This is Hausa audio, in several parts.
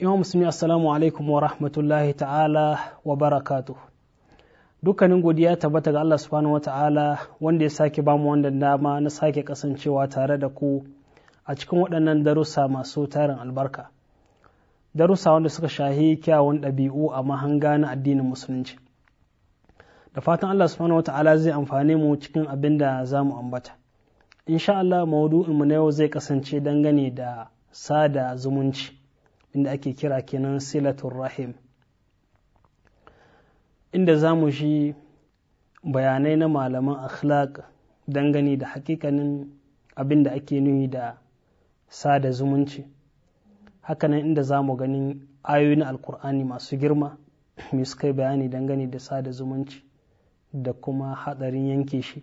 Imam Musulmi Assalamu alaikum wa rahmatullahi ta'ala wa barakatu. Dukkanin godiya tabbata ga Allah subhanahu wa ta'ala wanda ya sake bamu wannan dama na sake kasancewa tare da ku a cikin waɗannan darussa masu tarin albarka. Darussa wanda suka shahi kyawun ɗabi'u a mahanga na addinin musulunci. Da fatan Allah subhanahu wa ta'ala zai amfane mu cikin abin da za mu ambata. Insha Allah mu na yau zai kasance dangane da sada zumunci. inda ake kira kenan silatul rahim inda za mu shi bayanai na malaman akhlaq dangane da hakikanin abin da ake nuni da sada zumunci hakanan inda za mu ganin ayoyin alkur'ani masu girma mai suka yi bayani dangane da sada zumunci da kuma hadarin yanke shi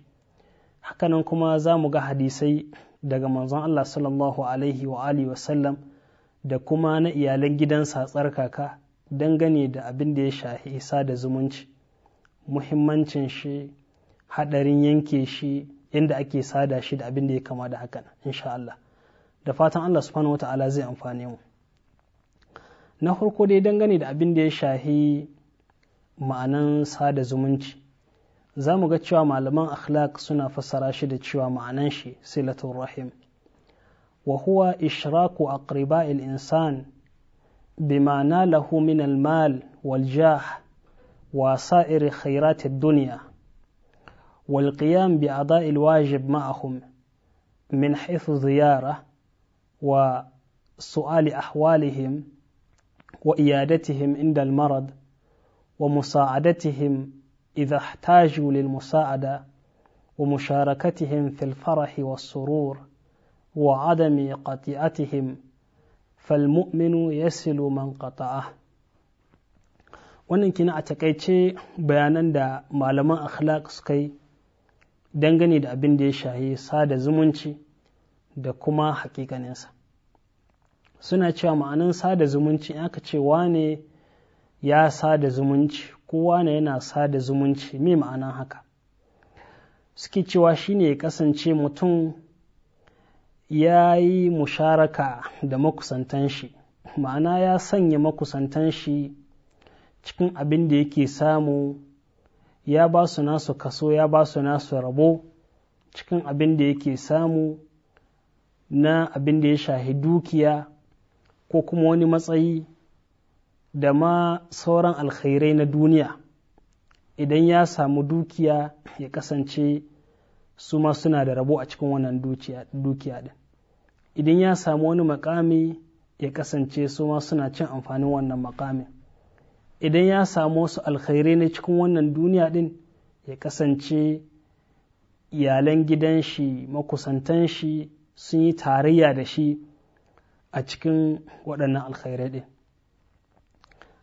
hakanan kuma za mu ga hadisai daga manzon Allah sallallahu alaihi wa alihi wasallam da kuma na iyalan gidansa tsarkaka dangane da abin da ya shahi isa da zumunci muhimmancin shi haɗarin yanke shi inda ake sada shi da abin da ya kama da hakan insha Allah da fatan Allah subhanahu wa zai amfane mu na farko dai dangane da abin da ya shahi ma'anan sada zumunci za mu ga cewa malaman akhlaq suna fassara shi da cewa ma'anan shi silatul rahim وهو إشراك أقرباء الإنسان بما ناله من المال والجاه وسائر خيرات الدنيا والقيام بأداء الواجب معهم من حيث زيارة وسؤال أحوالهم وإيادتهم عند المرض ومساعدتهم إذا احتاجوا للمساعدة ومشاركتهم في الفرح والسرور وعدم قطيعتهم فالمؤمن يسل من قطعه wannan kina a takaice bayanan da malaman akhlaq suka yi dangane da abin da ya shahi sada zumunci da kuma hakikaninsa suna cewa ma'anin sada zumunci in aka ce wane ya sa da zumunci Kowa wane yana sada zumunci me ma'anan haka suke cewa shine ya kasance mutum ya yi musharaka da makusantan shi ma'ana ya sanya makusantan shi cikin abin da yake samu ya ba su nasu kaso ya ba su nasu rabo cikin abin da yake samu na abin da ya shahi dukiya ko kuma wani matsayi da ma sauran alkhairai na duniya idan ya samu dukiya ya kasance su ma suna da rabo a cikin wannan dukiya din idan ya samu wani makami ya kasance su ma suna cin amfanin wannan makamin idan ya samu wasu alkhairai na cikin wannan duniya din ya kasance iyalan gidan shi makusantan shi sun yi tarayya da shi a cikin waɗannan alkhairai din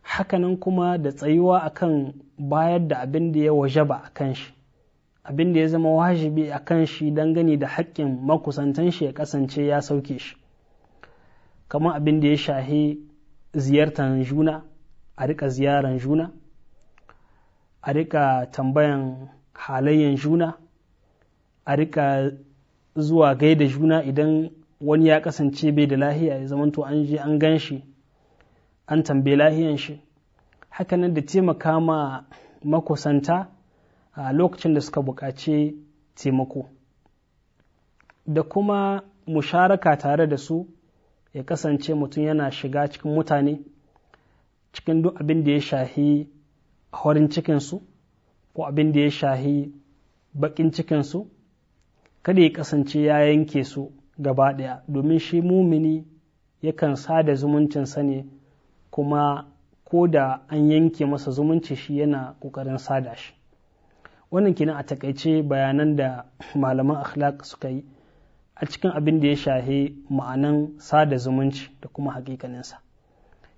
hakanan kuma da tsayuwa akan bayar da abin da ya waje ba a kan shi abin da ya zama wajibi a kan shi dangane da hakkin makusantan shi ya kasance ya sauke shi kamar abin da ya shahi ziyartar juna a rika ziyarar juna a rika tambayan halayen juna a rika zuwa gaida juna idan wani ya kasance bai da lahiya ya zama to an je an gan shi an tambaye lahiyan shi hakanan da taimaka ma makusanta a lokacin da suka buƙaci taimako da kuma musharaka tare da su ya kasance mutum yana shiga cikin mutane cikin duk abin da ya shahi horin cikinsu ko abin da ya shahi baƙin cikinsu kada ya kasance ya yanke su gaba ɗaya domin shi mumini yakan sada zumuncinsa ne kuma ko da an yanke masa zumunci shi yana ƙoƙarin sada shi wannan kenan a takaice bayanan da malaman akhlaq suka yi a cikin abin da ya shahe ma'anan sada zumunci da kuma hakikaninsa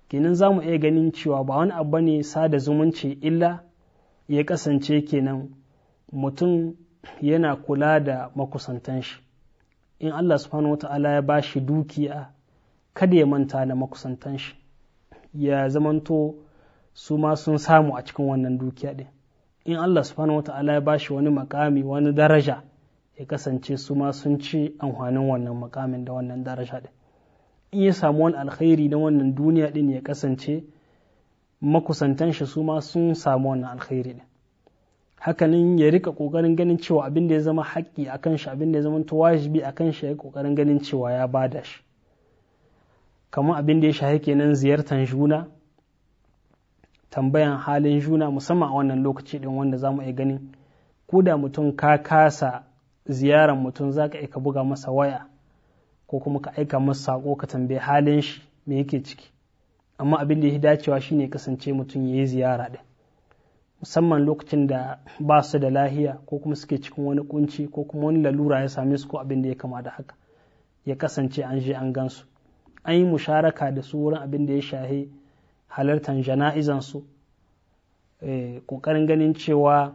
kenan za mu iya ganin cewa ba wani abu ne sada zumunci illa ya kasance kenan mutum yana kula da makusantan shi in Allah subhanahu wata'ala ya ba shi dukiya kada ya manta da makusantan shi ya zamanto su ma sun samu a cikin wannan dukiya ɗin in Allah subhanahu Ta'ala ya shi wani makami wani daraja ya kasance su ma sun ci amfanin wannan makamin da wannan daraja din in ya samu wani alkhairi na wannan duniya din ya kasance makusantan shi su ma sun samu wannan alkhairi ɗin hakanin ya rika kokarin ganin cewa abin da ya zama haƙƙi akan shi abin da ya zama wajibi kan shi ya kokarin ganin cewa ya bada shi kamar abin da ya shahi kenan ziyartar juna tambayan halin juna musamman a wannan lokaci din wanda za mu iya ganin ko da mutum ka kasa ziyarar mutum za ka ka buga masa waya ko kuma ka aika masa sako ka tambayi halin shi me yake ciki amma abin da ya dacewa shine kasance mutum ya yi ziyara din musamman lokacin da ba su da lahiya ko kuma suke cikin wani kunci ko kuma wani lalura ya same su ko abin da ya kama da haka ya kasance an je an gansu an yi musharaka da su wurin abin da ya shahe halartar jana'izansu eh, ƙoƙarin ganin cewa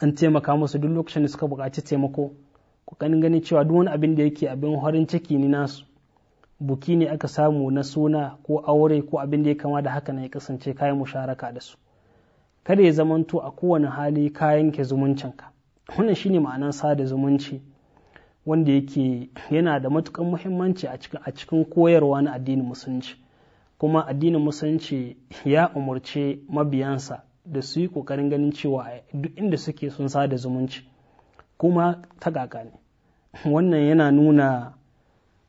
an taimaka musu duk lokacin da suka buƙaci taimako ƙoƙarin ganin cewa duk wani abin da yake abin horin ciki ni nasu buki ne aka samu na suna ko aure ko abin da ya kama da haka na ya kasance kayan musharaka da su kada ya zamanto a kowane hali ka yanke zumuncinka wannan shine ma'anar sada zumunci wanda yake yana da matukan muhimmanci a cikin koyarwa na addinin musulunci kuma addinin musulunci ya umarci mabiyansa da su yi ƙoƙarin ganin cewa duk inda suke sun sada zumunci kuma ta kaka ne wannan yana nuna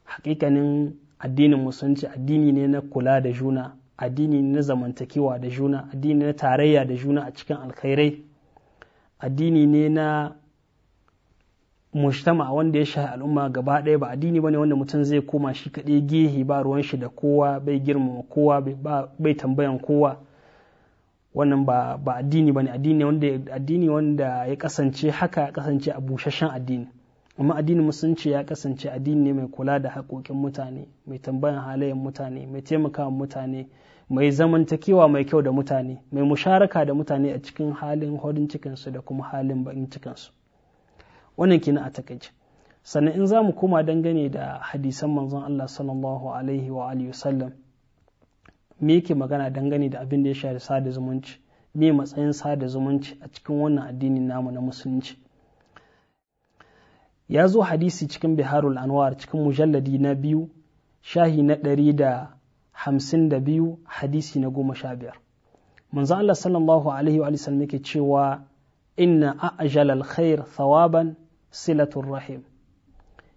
hakikanin addinin musulunci addini ne na kula da juna addini ne na zamantakewa da juna addini na tarayya da juna a cikin alkhairai addini ne na mujtama wanda ya shahi al'umma gaba ɗaya ba addini bane wanda mutum zai koma shi kaɗai gehe ba ruwan shi da kowa bai girmama kowa bai tambayan kowa wannan ba ba addini bane addini wanda addini wanda ya kasance haka ya kasance a busasshen addini amma addinin musulunci ya kasance addini ne mai kula da haƙoƙin mutane mai tambayan halayen mutane mai taimakawa mutane mai zamantakewa mai kyau da mutane mai musharaka da mutane a cikin halin horin cikinsu da kuma halin bakin cikinsu wannan kenan a takaice sannan in za mu koma dangane da hadisan manzon Allah sallallahu alaihi wa alihi wasallam me yake magana dangane da abin da ya shafi sada zumunci me matsayin sada zumunci a cikin wannan addinin namu na musulunci ya zo hadisi cikin biharul anwar cikin mujalladi na biyu shahi na ɗari da hamsin da biyu hadisi na goma sha biyar manzo Allah sallallahu alaihi wa sallam yake cewa inna a'jala al-khair thawaban silatul rahim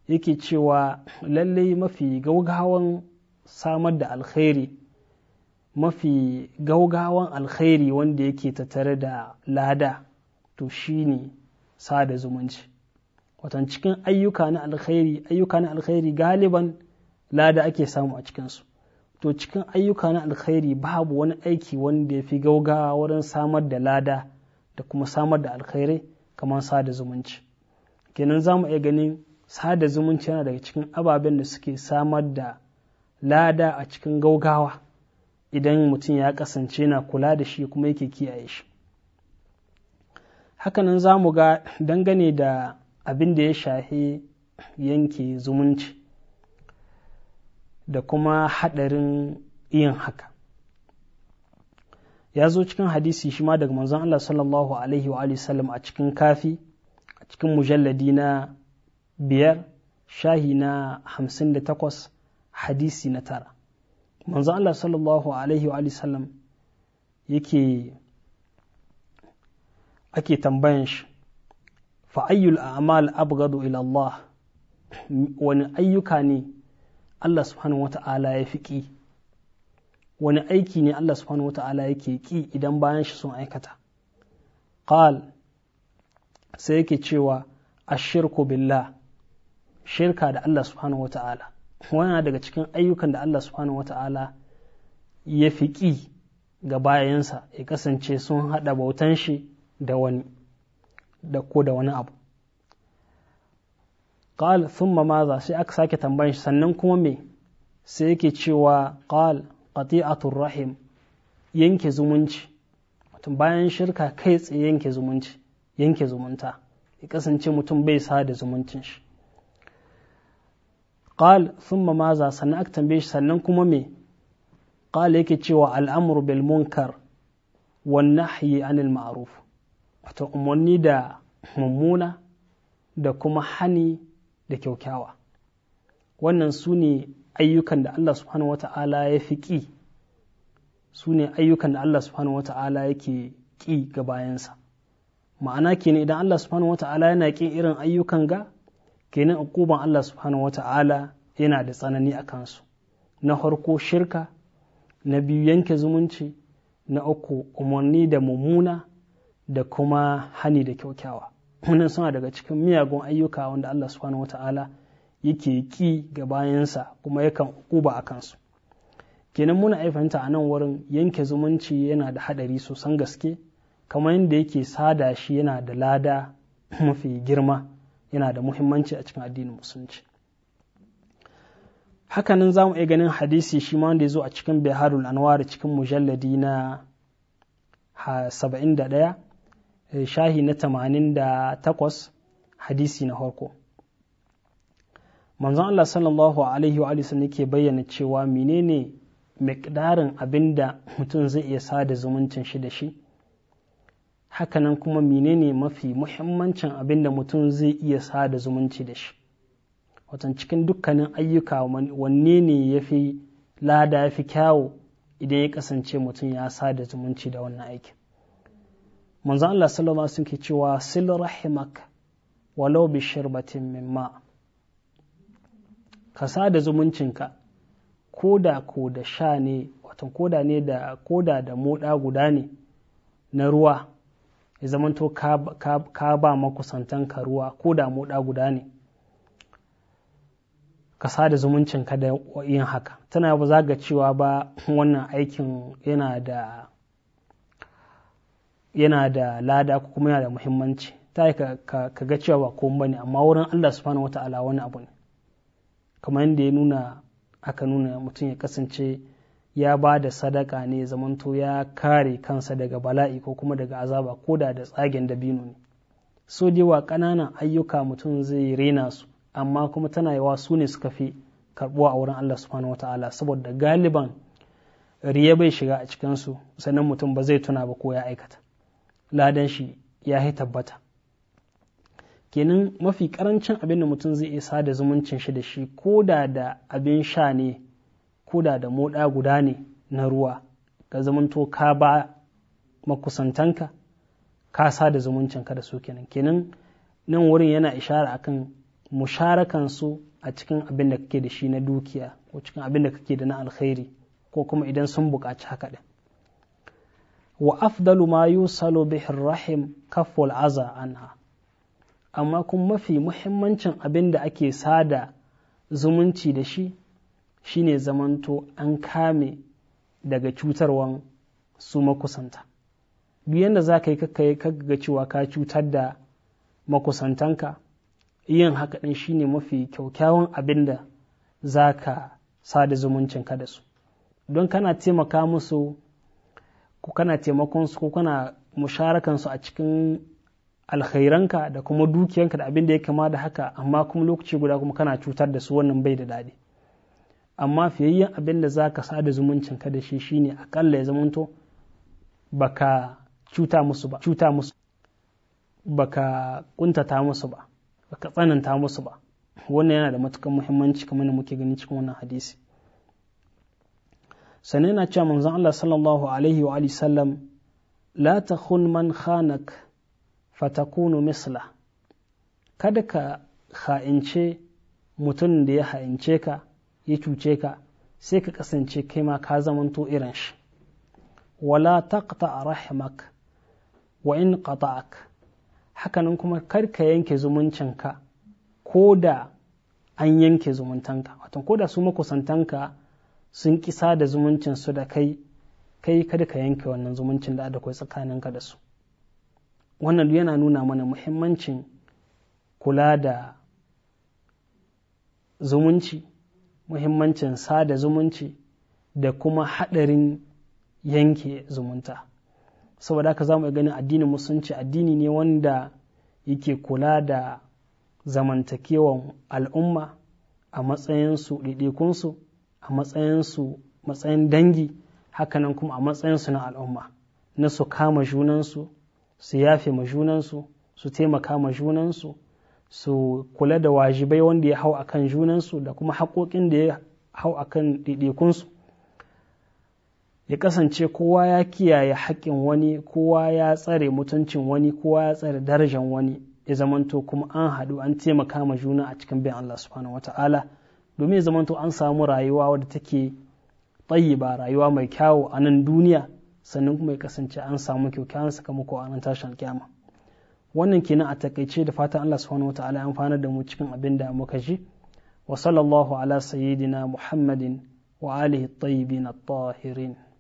yake cewa lalle mafi gaugawan samar da alkhairi mafi gaugawan alkhairi wanda yake tattare da lada to shine sada zumunci watan cikin ayyuka na alkhairi ayyuka na alkhairi galiban lada ake samu a cikinsu to cikin ayyuka na alkhairi babu wani aiki wanda ya fi gaugawa wurin samar da lada da kuma samar da alkhairai kamar sada zumunci kenan za mu iya ganin sada zumunci yana daga cikin ababen da suke samar da lada a cikin gaugawa idan mutum ya kasance na kula da shi kuma yake kiyaye shi hakanan za mu ga dangane da abin da ya shahe yanke zumunci da kuma haɗarin yin haka ya zo cikin hadisi shi ma daga manzon Allah sallallahu alaihi wa sallam a cikin kafi cikin mujalladi na biyar shahi na hamsin da takwas hadisi na tara manzo Allah sallallahu alaihi wa sallam yake ake tambayan shi fa'ayyul a'mal abgadu ila Allah wani ayyuka ne Allah subhanahu Ta'ala ya ƙi? wani aiki ne Allah subhanahu wata'ala yake ƙi idan bayan shi sun aikata qal sai yake cewa a shirku billah shirka da Allah subhanahu ta’ala wannan daga cikin ayyukan da Allah subhanahu ya ya ƙi ga bayansa ya kasance sun haɗa bautan shi da wani da ko da wani abu qal summa maza sai aka sake tambayin shi sannan kuma me sai yake cewa ƙal a rahim yanke zumunci bayan shirka kai tsaye yanke zumunci yanke zumunta ya kasance mutum bai sa da zumuncin shi qal thumma maza sannan aka tambaye shi sannan kuma me qal yake cewa al'amru bil munkar wan nahyi anil ma'ruf wato umarni da mummuna da kuma hani da kyaukyawa wannan su ne ayyukan da Allah subhanahu wata'ala ya fi ƙi su ne ayyukan da Allah subhanahu wata'ala yake ƙi ga bayansa ma'ana kenan idan Allah subhanahu wata'ala yana ƙin irin ayyukan ga kenan ukuban Allah subhanahu wata'ala yana da tsanani a kansu na farko shirka na biyu yanke zumunci na uku umarni da mummuna da kuma hani da kyaukyawa wannan suna daga cikin miyagun ayyuka wanda Allah subhanahu wata'ala yake ki ga bayansa kuma yakan ukuba a kansu kenan muna aifanta a nan wurin yanke zumunci yana da haɗari sosan gaske kamar yadda yake sada shi yana da lada mafi girma yana da muhimmanci a cikin addinin musulunci hakanan za mu iya ganin hadisi shi ma wanda ya zo a cikin biharul anwar cikin mujalladi na 71 eh, shahi na 88 hadisi na farko manzon Allah sallallahu alaihi wa alihi yake bayyana cewa menene miqdarin abinda mutum zai iya sada zumuncin shi da shi hakanan kuma menene mafi muhimmancin abin da mutum zai iya sada zumunci da shi watan cikin dukkanin ayyuka wanne ne ya fi lada ya fi kyawo idan ya kasance mutum ya sada zumunci da wannan aikin manzon Allah sallama sun ke cewa sil rahimak walau bi shirbatin min ma ka sada zumuncinka koda ko da sha ne watan koda ne da koda da moda guda ne na ruwa ya zamanto ka ba makusantan ka ruwa ko da muɗa guda ne ka sada zumuncin ka da yin haka tana ba za ga cewa ba wannan aikin yana da yana da lada ko kuma yana da muhimmanci ta yi ka ga cewa ba komai ne amma wurin Allah subhanahu wata'ala wani abu ne kamar yadda ya nuna aka nuna mutum ya kasance ya ba da sadaka ne zamanto ya kare kansa daga bala'i ko kuma daga azaba ko da da tsagen dabino ne so wa ƙananan ayyuka mutum zai rena su amma kuma tana yawa su ne suka fi karbuwa a wurin Allah subhanahu wataala saboda galiban riya bai shiga a cikin su sannan mutum ba zai tuna ba ko ya aikata ladan shi ya yi tabbata kenan mafi karancin abin da mutum zai isa da zumuncin shi da shi ko da da abin sha ne koda da moɗa guda ne na ruwa ka zamanto ka ba makusantanka ka sa da zumuncinka da su kenan kenan nan wurin yana ishara akan musharakan su a cikin abin da kake da shi na dukiya ko cikin abin da kake da na alkhairi ko kuma idan sun buƙaci haka ɗin wa afdalu ma yusalu bihi rahim kaful aza anha amma kuma mafi muhimmancin abin da ake sada zumunci da shi shine zamanto an kame daga cutarwan su makusanta duk yadda za ka yi kaga cewa ka cutar da makusantanka yin haka ɗin shine mafi kyaukyawan abin da za ka sada zumuncinka da su don kana taimaka musu ko kana taimakon su ko kana musharakan su a cikin alkhairanka da kuma dukiyanka da abin da ya kama da haka amma kuma lokaci guda kuma kana cutar da su wannan bai da daɗi amma fiyayyen abin da za ka sada zumuncin ka da shi shine akalla ya zamanto baka cuta musu ba cuta musu kuntata musu ba baka tsananta musu ba wannan yana da matukan muhimmanci kamar da muke gani cikin wannan hadisi sannan yana cewa manzon Allah sallallahu alaihi wa sallam la takhun man khanak fatakunu misla kada ka ha'ince mutum da ya ha'ince ka ya cuce ka sai ka kasance kai ma ka zamanto irin shi wala taqta rahmak wa in qata'ak hakanan kuma kar ka yanke zumuncinka ko da an yanke zumuntanka wato ko da su makusantanka sun kisa da zumuncin su da kai kai kada ka yanke wannan zumuncin da akwai tsakaninka da su wannan yana nuna mana muhimmancin kula da zumunci muhimmancin sada zumunci da kuma haɗarin yanke zumunta saboda haka za mu ganin addinin musulunci addini ne wanda yake kula da zamantakewan al'umma a matsayinsu ɗiɗikunsu a matsayinsu matsayin dangi hakanan kuma a matsayinsu na al'umma na su kama junansu su yafe ma junansu su taimaka ma junansu su kula da wajibai wanda ya hau akan junansu da kuma haƙoƙin da ya hau akan ɗiɗikunsu ya kasance kowa ya kiyaye haƙƙin wani kowa ya tsare mutuncin wani kowa ya tsare darajan wani ya zamanto kuma an haɗu an taimaka ma juna a cikin bin Allah subhanahu wata'ala domin ya zamanto an samu rayuwa wadda take ba rayuwa mai kyawu a nan duniya sannan kuma ya kasance an samu kyawun sakamako a nan tashin kyama. wannan kenan a takaice da fatan Allah subhanahu wa ta'ala amfanar da mu cikin abin da muka ji wa sallallahu ala sayyidina muhammadin wa alihi at-tayyibin at-tahirin